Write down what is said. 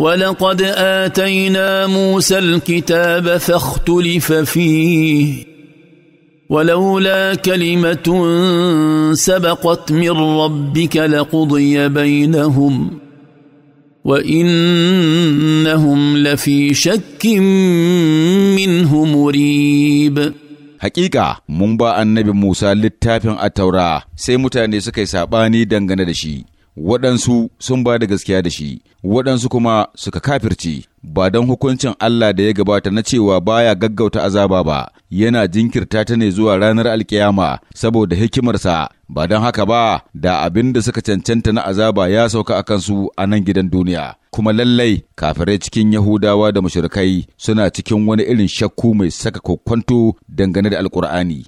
ولقد اتينا موسى الكتاب فاختلف فيه ولولا كلمه سبقت من ربك لقضي بينهم وانهم لفي شك منه مريب حقيقه mun النَّبِي موسى Musa littafin a taura سكي mutane suka waɗansu sun ba da gaskiya da shi, waɗansu kuma suka kafirci, ba don hukuncin Allah da ya gabata na cewa baya gaggauta azaba ba, yana jinkirta ta ne zuwa ranar alkiyama saboda hikimarsa, ba don haka ba da abin da suka cancanta na azaba ya sauka a kansu a nan gidan duniya. Kuma lallai kafirai cikin Yahudawa da mashirikai suna cikin wani irin shakku mai saka kokwanto dangane da alkur'ani